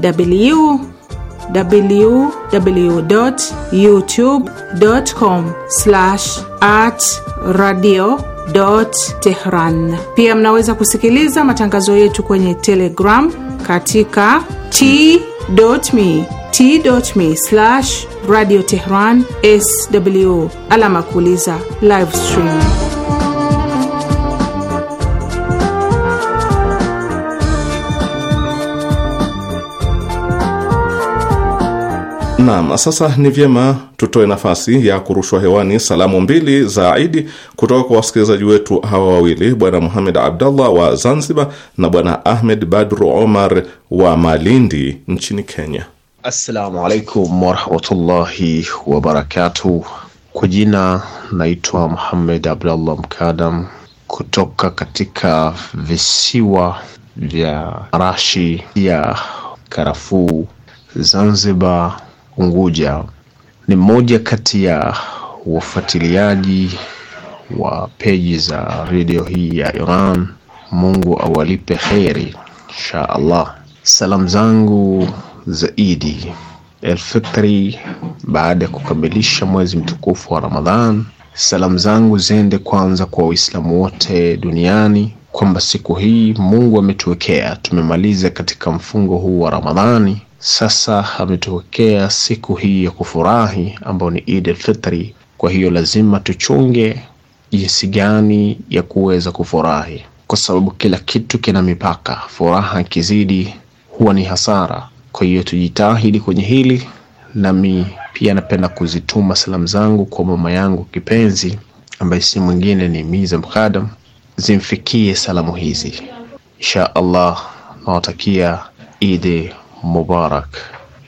www.youtube.com radio Tehran. Pia mnaweza kusikiliza matangazo yetu kwenye Telegram katika t.me t.me slash radio Tehran sw alama kuuliza live stream. Naam, sasa ni vyema tutoe nafasi ya kurushwa hewani salamu mbili za Idi kutoka kwa wasikilizaji wetu hawa wawili, Bwana Muhamed Abdallah wa Zanzibar na Bwana Ahmed Badru Omar wa Malindi nchini Kenya. Assalamu alaikum warahmatullahi wabarakatu. Kwa jina naitwa Muhamed Abdallah Mkadam kutoka katika visiwa vya Rashi ya karafuu Zanzibar Unguja ni mmoja kati ya wafuatiliaji wa peji za redio hii ya Iran. Mungu awalipe kheri insha Allah. Salamu zangu zaidi Elfitri baada ya kukamilisha mwezi mtukufu wa Ramadhan. Salamu zangu ziende kwanza kwa Waislamu wote duniani kwamba siku hii Mungu ametuwekea tumemaliza katika mfungo huu wa Ramadhani sasa ametokea siku hii ya kufurahi ambayo ni Eid al-Fitri. Kwa hiyo lazima tuchunge jinsi gani ya kuweza kufurahi, kwa sababu kila kitu kina mipaka. Furaha kizidi huwa ni hasara. Kwa hiyo tujitahidi kwenye hili, nami pia napenda kuzituma salamu zangu kwa mama yangu kipenzi ambaye si mwingine ni Miza Mkadam, zimfikie salamu hizi insha Allah. Nawatakia Eid Mubarak.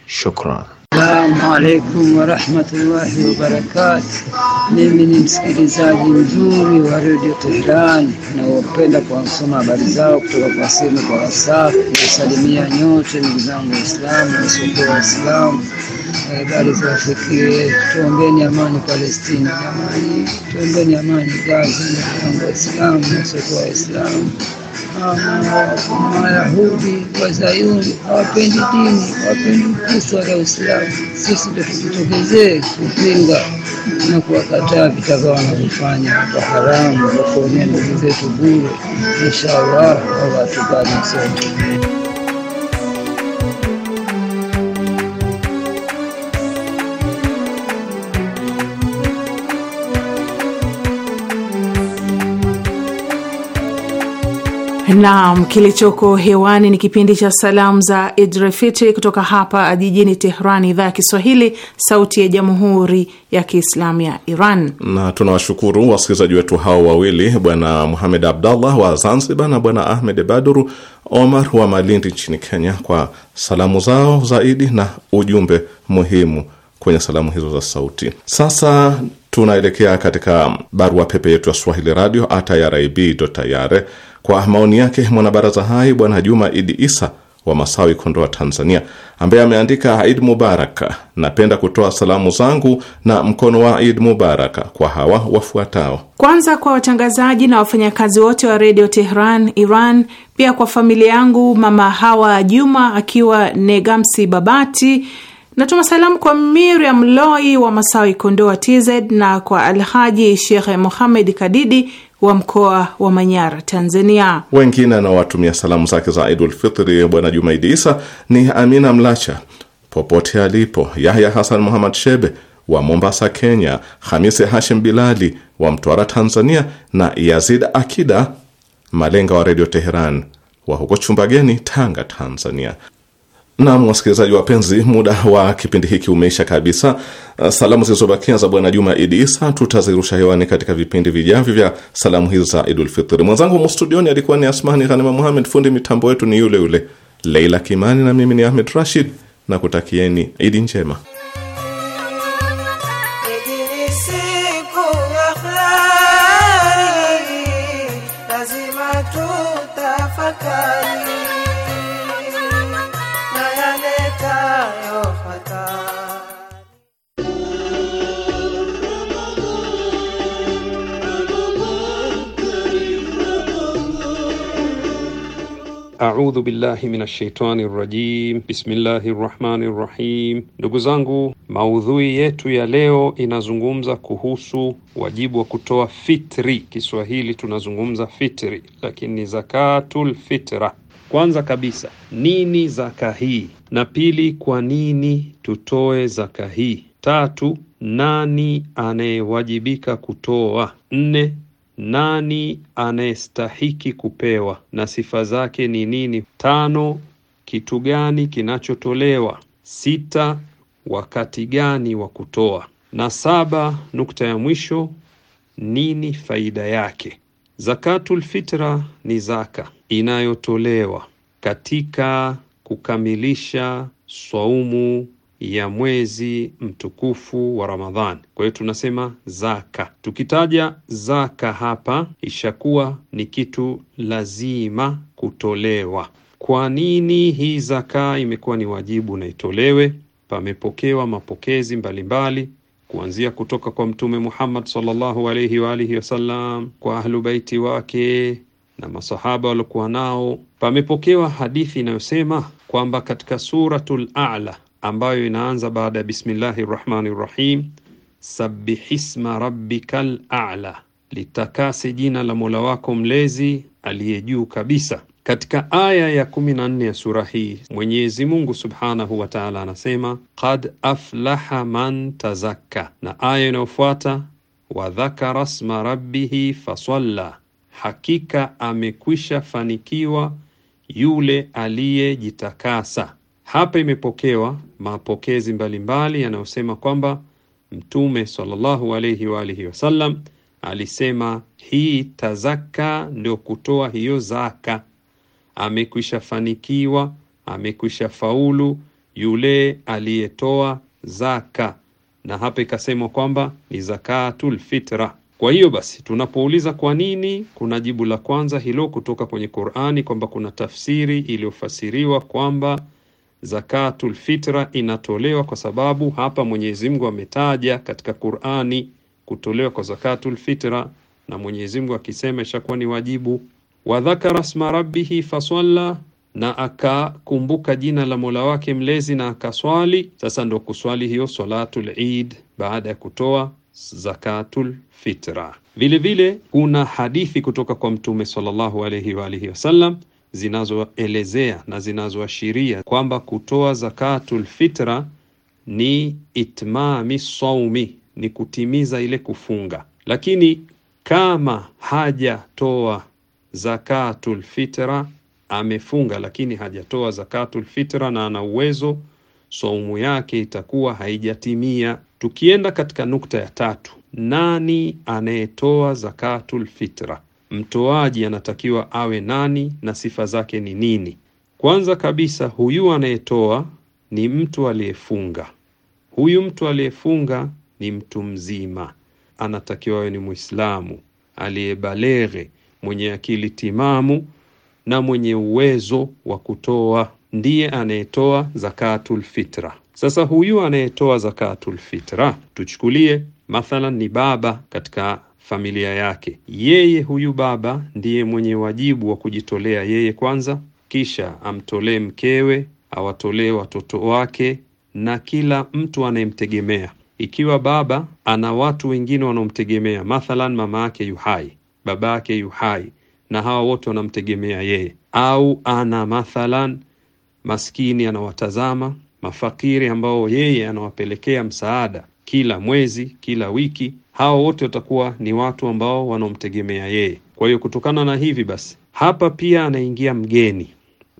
Shukran. Assalamu alaikum warahmatullahi wabarakatu. Mimi ni msikilizaji mzuri wa redio Teherani na wapenda kuwasoma habari zao kutoka kwa simu kwa WhatsApp. Nawasalimia nyote ndugu zangu Waislamu, wasiokuwa Waislamu habari za ziwafikie. Tuombeni amani Palestina, amani tuombeni amani Gaza, na Waislamu wasiokuwa Waislamu Mayahudi Wazayuni hawapendi dini, hawapendi Ukristo wala Uislamu. Sisi ndio tujitokezee kupinga na kuwakataa vita wanavyofanya vya haramu, wakuonea ndugu zetu bure. Inshallah, Allah atukane sote. Naam, kilichoko hewani ni kipindi cha salamu za Idrefiti kutoka hapa jijini tehran idhaa ya Kiswahili, sauti ya jamhuri ya kiislamu ya Iran. Na tunawashukuru wasikilizaji wetu hao wawili, Bwana Muhamed Abdallah wa Zanzibar na Bwana Ahmed Baduru Omar wa Malindi nchini Kenya kwa salamu zao zaidi na ujumbe muhimu kwenye salamu hizo za sauti. Sasa tunaelekea katika barua pepe yetu ya swahili radio at irib.ir kwa maoni yake mwanabaraza hai Bwana Juma Idi Isa wa Masawi, Kondoa, Tanzania, ambaye ameandika id Mubarak. Napenda kutoa salamu zangu na mkono wa id Mubarak kwa hawa wafuatao: kwanza kwa watangazaji na wafanyakazi wote wa redio Tehran Iran, pia kwa familia yangu, mama Hawa Juma akiwa Negamsi Babati. Natuma salamu kwa Miriam Loi wa Masawi, Kondoa, TZ, na kwa Alhaji Shekhe muhamed Kadidi wa mkoa wa Manyara, Tanzania. Wengine anawatumia salamu zake za Idul Fitri Bwana Jumaidi Isa ni Amina Mlacha popote alipo, Yahya Hasan Muhammad Shebe wa Mombasa, Kenya, Hamisi Hashim Bilali wa Mtwara, Tanzania, na Yazid Akida Malenga wa Redio Teheran wa huko Chumbageni, Tanga, Tanzania. Nam wasikilizaji wapenzi, muda wa kipindi hiki umeisha kabisa. Uh, salamu zilizobakia za Bwana Juma Idi Isa tutazirusha hewani katika vipindi vijavyo vya salamu hizi za Idulfitri. Mwenzangu mustudioni alikuwa ni Asmani Ghanima Muhamed, fundi mitambo wetu ni yule yule Leila Kimani, na mimi ni Ahmed Rashid na kutakieni Idi njema. Audhu billahi min ashaitani rajim. Bismillahi rahmani rahim. Ndugu zangu, maudhui yetu ya leo inazungumza kuhusu wajibu wa kutoa fitri. Kiswahili tunazungumza fitri, lakini ni zakatul Kwanza kabisa nini zaka hii, na pili kwa nini tutoe zaka hii, tatu nani anayewajibika kutoa, nne nani anayestahiki kupewa na sifa zake ni nini? Tano, kitu gani kinachotolewa? Sita, wakati gani wa kutoa? Na saba, nukta ya mwisho, nini faida yake? Zakatul fitra ni zaka inayotolewa katika kukamilisha swaumu ya mwezi mtukufu wa Ramadhani. Kwa hiyo tunasema zaka. Tukitaja zaka hapa, ishakuwa ni kitu lazima kutolewa. Kwa nini hii zaka imekuwa ni wajibu na itolewe? Pamepokewa mapokezi mbalimbali mbali, kuanzia kutoka kwa Mtume Muhammad sallallahu alayhi wa alihi wasallam, kwa ahlu baiti wake na masahaba waliokuwa nao. Pamepokewa hadithi inayosema kwamba katika Suratul A'la ambayo inaanza baada ya bismillahi rahmani rahim, sabihisma rabbikal a'la, litakase jina la mola wako mlezi aliye juu kabisa. Katika aya ya kumi na nne ya sura hii Mwenyezi Mungu subhanahu wa taala anasema qad aflaha man tazakka, na aya inayofuata wadhakara sma rabbihi fasalla, hakika amekwisha fanikiwa yule aliyejitakasa. Hapa imepokewa mapokezi mbalimbali yanayosema kwamba Mtume sallallahu alayhi wa alihi wasallam alisema hii tazaka ndio kutoa hiyo zaka. Amekwisha fanikiwa, amekwisha faulu yule aliyetoa zaka, na hapa ikasemwa kwamba ni zakatul fitra. Kwa hiyo basi, tunapouliza kwa nini, kuna jibu la kwanza hilo kutoka kwenye Qur'ani kwamba kuna tafsiri iliyofasiriwa kwamba zakatul fitra inatolewa kwa sababu hapa Mwenyezi Mungu ametaja katika Qur'ani kutolewa kwa zakatul fitra, na Mwenyezi Mungu akisema ishakuwa ni wajibu. Wa dhakara sma rabbihi fasalla, na akakumbuka jina la Mola wake mlezi na akaswali. Sasa ndo kuswali hiyo salatul Eid baada ya kutoa zakatul fitra. Vilevile kuna hadithi kutoka kwa Mtume sallallahu alayhi wa alihi wasallam zinazoelezea na zinazoashiria kwamba kutoa zakatul fitra ni itmami saumi, ni kutimiza ile kufunga. Lakini kama hajatoa zakatul fitra, amefunga lakini hajatoa zakatul fitra na ana uwezo, saumu yake itakuwa haijatimia. Tukienda katika nukta ya tatu, nani anayetoa zakatul fitra? mtoaji anatakiwa awe nani na sifa zake ni nini? Kwanza kabisa, huyu anayetoa ni mtu aliyefunga. Huyu mtu aliyefunga ni mtu mzima, anatakiwa awe ni Muislamu aliyebalere mwenye akili timamu na mwenye uwezo wa kutoa, ndiye anayetoa zakatul fitra. Sasa huyu anayetoa zakatul fitra, tuchukulie mathalan ni baba katika familia yake. Yeye huyu baba ndiye mwenye wajibu wa kujitolea yeye kwanza, kisha amtolee mkewe, awatolee watoto wake na kila mtu anayemtegemea. Ikiwa baba ana watu wengine wanaomtegemea, mathalan mama yake yuhai, baba yake yuhai, na hawa wote wanamtegemea yeye, au ana mathalan maskini anawatazama, mafakiri ambao yeye anawapelekea msaada kila mwezi, kila wiki. Hao wote watakuwa ni watu ambao wanaomtegemea yeye. Kwa hiyo kutokana na hivi basi, hapa pia anaingia mgeni.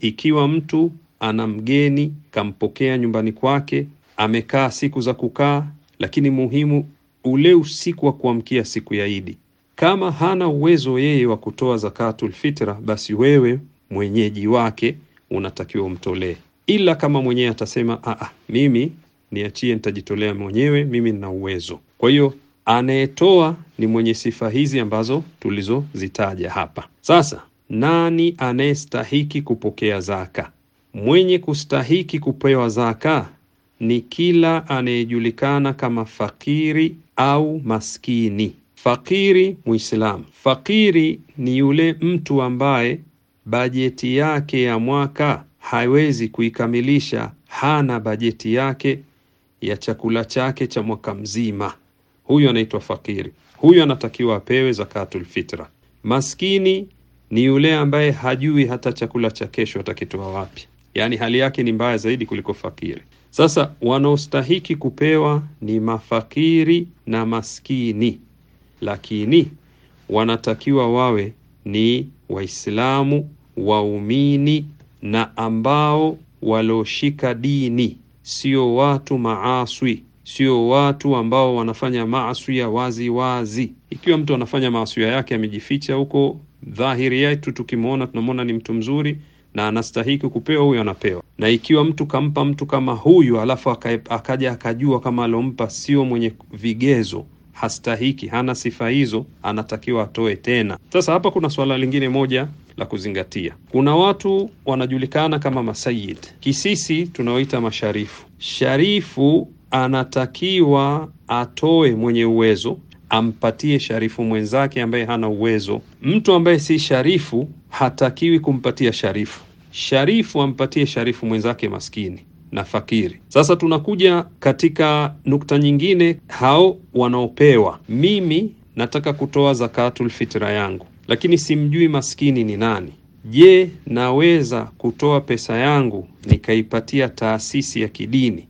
Ikiwa mtu ana mgeni, kampokea nyumbani kwake, amekaa siku za kukaa, lakini muhimu ule usiku wa kuamkia siku ya Idi, kama hana uwezo yeye wa kutoa zakatul fitra, basi wewe mwenyeji wake unatakiwa umtolee, ila kama mwenyewe atasema a, mimi niachie, nitajitolea mwenyewe, mimi nina uwezo. Kwa hiyo anayetoa ni mwenye sifa hizi ambazo tulizozitaja hapa. Sasa nani anayestahiki kupokea zaka? Mwenye kustahiki kupewa zaka ni kila anayejulikana kama fakiri au maskini. Fakiri Muislamu, fakiri ni yule mtu ambaye bajeti yake ya mwaka haiwezi kuikamilisha, hana bajeti yake ya chakula chake cha mwaka mzima. Huyu anaitwa fakiri, huyu anatakiwa apewe zakatul fitra. Maskini ni yule ambaye hajui hata chakula cha kesho atakitoa wapi, yaani hali yake ni mbaya zaidi kuliko fakiri. Sasa wanaostahiki kupewa ni mafakiri na maskini, lakini wanatakiwa wawe ni Waislamu waumini na ambao walioshika dini sio watu maaswi, sio watu ambao wanafanya maaswia wazi wazi. Ikiwa mtu anafanya maaswia yake amejificha huko, dhahiri yetu tukimwona tunamwona ni mtu mzuri na anastahiki kupewa, huyo anapewa. Na ikiwa mtu kampa mtu kama huyu, alafu akaja akajua kama alompa sio mwenye vigezo hastahiki, hana sifa hizo, anatakiwa atoe tena. Sasa hapa kuna swala lingine moja la kuzingatia. Kuna watu wanajulikana kama masayid, kisisi tunaoita masharifu. Sharifu anatakiwa atoe mwenye uwezo ampatie sharifu mwenzake ambaye hana uwezo. Mtu ambaye si sharifu hatakiwi kumpatia sharifu. Sharifu ampatie sharifu mwenzake maskini na fakiri. Sasa tunakuja katika nukta nyingine, hao wanaopewa. Mimi nataka kutoa zakatul fitra yangu lakini simjui maskini ni nani. Je, naweza kutoa pesa yangu nikaipatia taasisi ya kidini,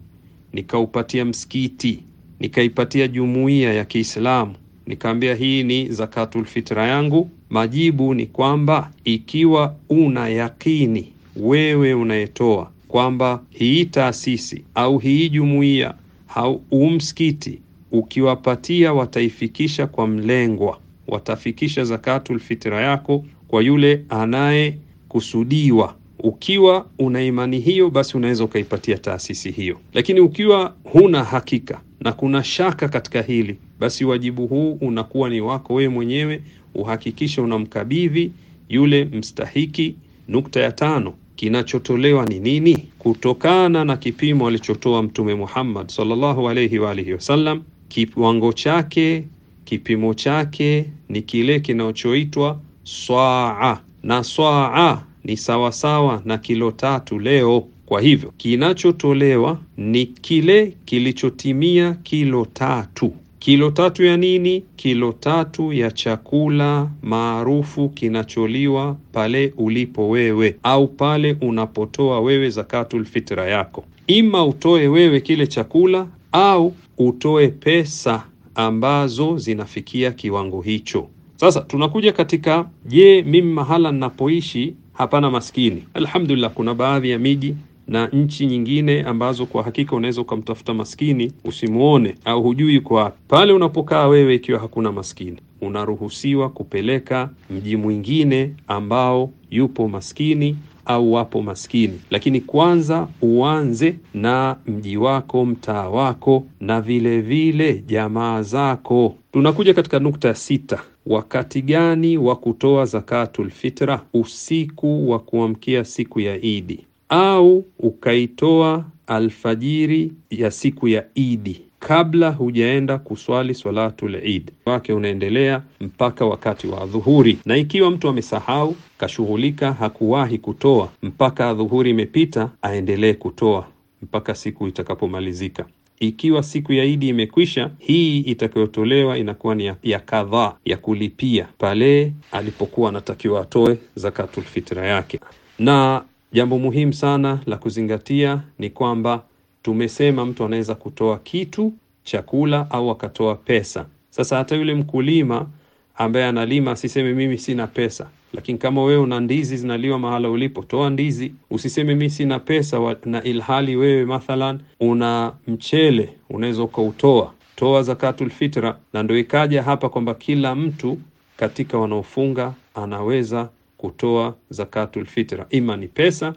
nikaupatia msikiti, nikaipatia jumuiya ya Kiislamu, nikaambia hii ni zakatul fitra yangu? Majibu ni kwamba ikiwa una yakini wewe unayetoa kwamba hii taasisi au hii jumuiya au umskiti ukiwapatia wataifikisha kwa mlengwa watafikisha zakatul fitra yako kwa yule anayekusudiwa. Ukiwa una imani hiyo, basi unaweza ukaipatia taasisi hiyo, lakini ukiwa huna hakika na kuna shaka katika hili, basi wajibu huu unakuwa ni wako wewe mwenyewe, uhakikishe unamkabidhi yule mstahiki. Nukta ya tano, kinachotolewa ni nini? Kutokana na kipimo alichotoa Mtume Muhammad sallallahu alayhi wa alihi wasallam, kiwango chake kipimo chake ni kile kinachoitwa swaa, na swaa ni sawasawa na kilo tatu leo. Kwa hivyo kinachotolewa ni kile kilichotimia kilo tatu. Kilo tatu ya nini? Kilo tatu ya chakula maarufu kinacholiwa pale ulipo wewe au pale unapotoa wewe zakatul fitra yako. Ima utoe wewe kile chakula au utoe pesa ambazo zinafikia kiwango hicho. Sasa tunakuja katika, je, mimi mahala ninapoishi hapana maskini? Alhamdulillah, kuna baadhi ya miji na nchi nyingine ambazo kwa hakika unaweza ukamtafuta maskini usimuone au hujui yuko wapi. Pale unapokaa wewe, ikiwa hakuna maskini, unaruhusiwa kupeleka mji mwingine ambao yupo maskini au wapo maskini, lakini kwanza uanze na mji wako, mtaa wako na vile vile jamaa zako. Tunakuja katika nukta ya sita. Wakati gani wa kutoa zakatul fitra? Usiku wa kuamkia siku ya Idi, au ukaitoa alfajiri ya siku ya Idi kabla hujaenda kuswali swalatul Eid wake unaendelea mpaka wakati wa dhuhuri, na ikiwa mtu amesahau kashughulika, hakuwahi kutoa mpaka dhuhuri imepita, aendelee kutoa mpaka siku itakapomalizika. Ikiwa siku ya Idi imekwisha, hii itakayotolewa inakuwa ni ya kadhaa ya kulipia pale alipokuwa anatakiwa atoe zakatul fitra yake. Na jambo muhimu sana la kuzingatia ni kwamba Tumesema mtu anaweza kutoa kitu, chakula au akatoa pesa. Sasa hata yule mkulima ambaye analima asiseme mimi sina pesa, lakini kama wewe una ndizi zinaliwa mahala ulipo, toa ndizi. Usiseme mimi sina pesa wa, na ilhali wewe mathalan una mchele unaweza ukautoa. Toa zakatul fitra. Na ndo ikaja hapa kwamba kila mtu katika wanaofunga anaweza kutoa zakatul fitra, ima ni pesa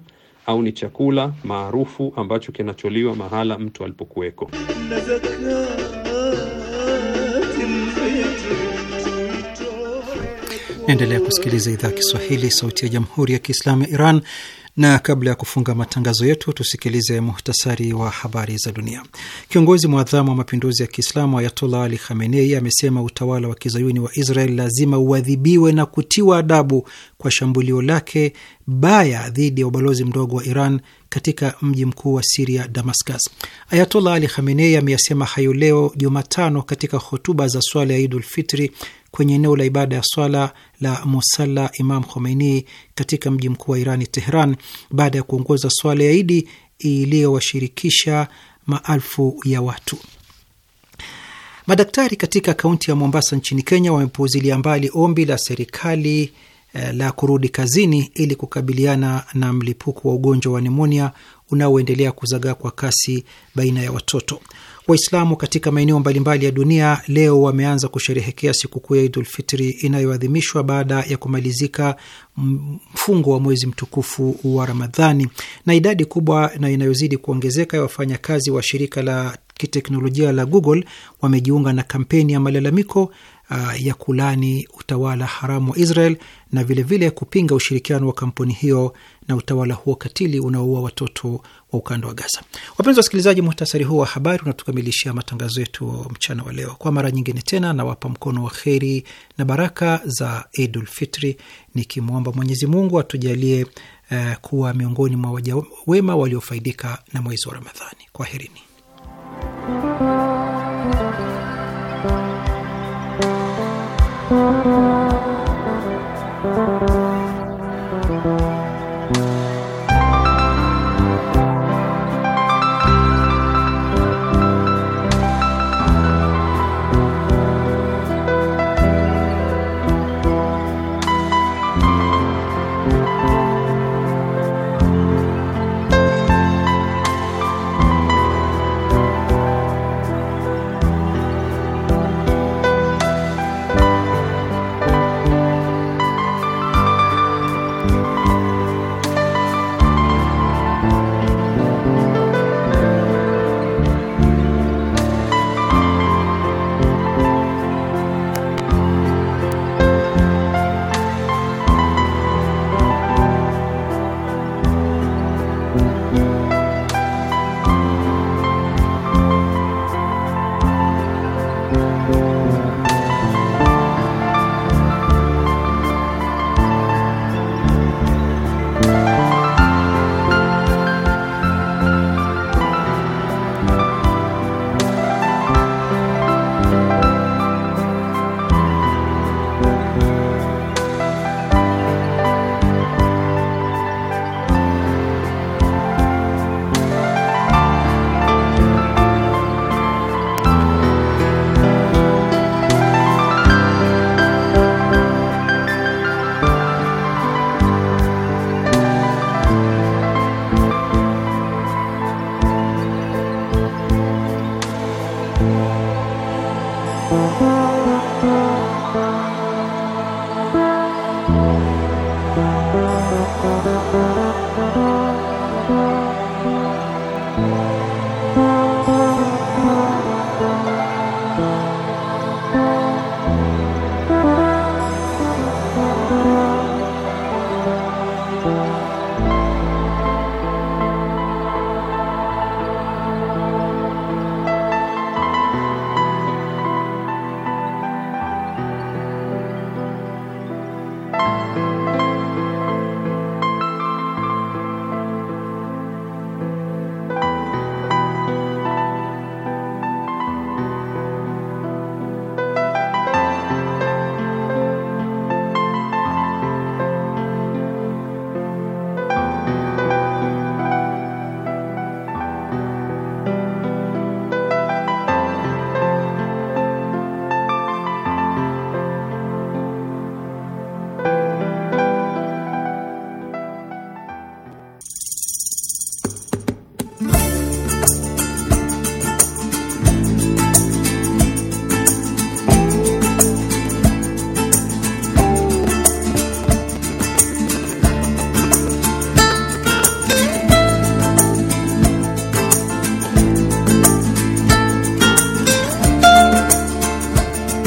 au ni chakula maarufu ambacho kinacholiwa mahala mtu alipokuweko. Naendelea kusikiliza idhaa ya Kiswahili, sauti ya jamhuri ya kiislamu ya Iran na kabla ya kufunga matangazo yetu, tusikilize muhtasari wa habari za dunia. Kiongozi mwadhamu wa mapinduzi ya Kiislamu Ayatollah Ali Khamenei amesema utawala wa kizayuni wa Israel lazima uadhibiwe na kutiwa adabu kwa shambulio lake baya dhidi ya ubalozi mdogo wa Iran katika mji mkuu wa Siria, Damascus. Ayatollah Ali Khamenei ameyasema hayo leo Jumatano katika hotuba za swala ya Idul Fitri kwenye eneo la ibada ya swala la Musalla Imam Khomeini katika mji mkuu wa Irani, Tehran, baada ya kuongoza swala ya Idi iliyowashirikisha maelfu ya watu. Madaktari katika kaunti ya Mombasa nchini Kenya wamepuuzilia mbali ombi la serikali eh, la kurudi kazini ili kukabiliana na mlipuko wa ugonjwa wa nimonia unaoendelea kuzagaa kwa kasi baina ya watoto. Waislamu katika maeneo mbalimbali ya dunia leo wameanza kusherehekea sikukuu ya idulfitri inayoadhimishwa baada ya kumalizika mfungo wa mwezi mtukufu wa Ramadhani, na idadi kubwa na inayozidi kuongezeka ya wafanyakazi wa shirika la kiteknolojia la Google wamejiunga na kampeni ya malalamiko uh, ya kulani utawala haramu wa Israel na vilevile vile kupinga ushirikiano wa kampuni hiyo na utawala huo katili unaoua watoto wa ukanda wa Gaza. Wapenzi wasikilizaji, muhtasari huu wa habari unatukamilishia matangazo yetu mchana wa leo. Kwa mara nyingine tena, nawapa mkono wa kheri na baraka za Idul Fitri nikimwomba Mwenyezi Mungu atujalie uh, kuwa miongoni mwa waja wema waliofaidika na mwezi wa Ramadhani. Kwaherini. Mm-hmm.